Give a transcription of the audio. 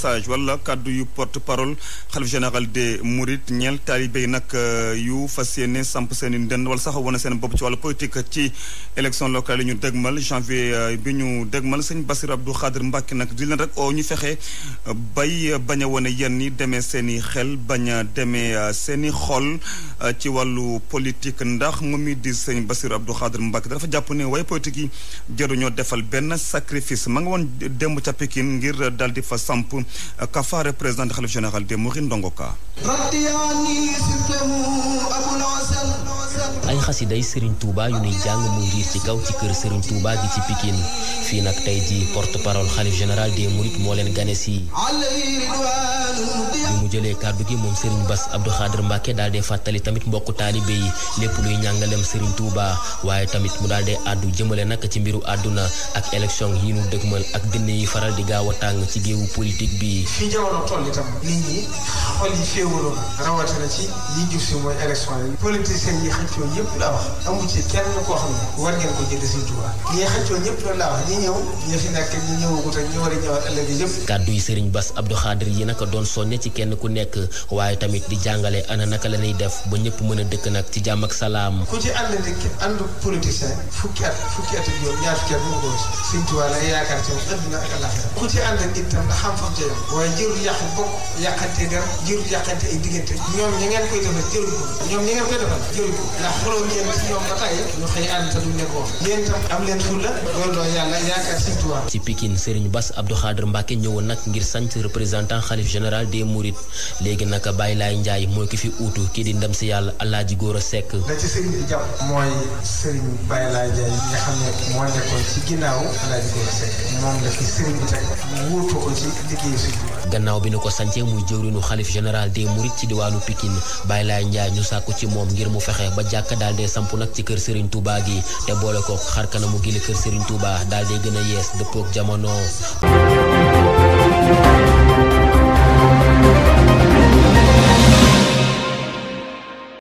message wala kàddu yu porte parole xalif général de murit ñeel taalibe yi nag euh, yu fas yéene samp seen i ndënd wala sax wane seen bopp ci wàllu politique ci élection locale yi ñu dégmal janvier euh, bi ñu dégmal sëñ Bassirou Abdou Khadre Mbacké nag di leen rek oo ñu fexe euh, bay bañ a wane yenn ni demee seen i xel bañ a demee seen i xol ci wàllu politique ndax moom mi di sëñ Bassirou Abdou Khadre Mbacké dafa jàpp ne waaye politique yi jaruñoo defal benn sacrifice ma nga woon démb ca Pikine ngir dal di fa samp Kafa représente xalif général des Mourides Ndongo Ka day Serigne Touba yu nuy jàng mu riir ci kaw ci kër Serigne Touba gi ci Pikine fii nag tey ji porte-parole xalif général des Mourides moo leen gane si. bi mu jëlee kàddu gi moom Serigne Bass Abdou Khader Mbacke daal dee fàttali tamit mbokku taalibe yi lépp luy njàngaleem Serigne Touba waaye tamit mu daal dee àddu jëmale nag ci mbiru àdduna ak élection yi nu dëgmal ak dënn yi faral di gaaw a tàng ci géewu politique bi. fi xol yi yëpp kàddu yi Serigne Bass Abdou Khadir yi naka doon sonne ci kenn ku nekk waaye tamit di jàngale ana naka lanuy def ba ñëpp mën a dëkk nag ci jàmm ak salaam ku ci ànd nit ki àndu xam fam jëyam waaye jëru yàq bokk yàqante der jëru yàqante ci ñoom Sëriñ Tuubaa ci Pikine Serigne Bass Abdou Khadre Mbacké nag ngir sant représentant xalif général des Mourides léegi nag Baye Laye Ndiaye mooy ki fi uutu kii di ndem si yàlla Alaaji Góora Seck da ci Serigne nga xam ne la fi Serigne bi ko ci liggéey Sëriñ gannaaw bi ñu ko sante muy jëwriñu xalif général des Mourides ci diwaanu Pikine Baye Laye Ndiaye ñu sàkku ci moom ngir mu fexe ba jàkk daal dee samp nag ci kër Serigne Touba gi te boole ko xar kanamu gili kër Serigne Touba daal dee gën a yees dëppook jamono.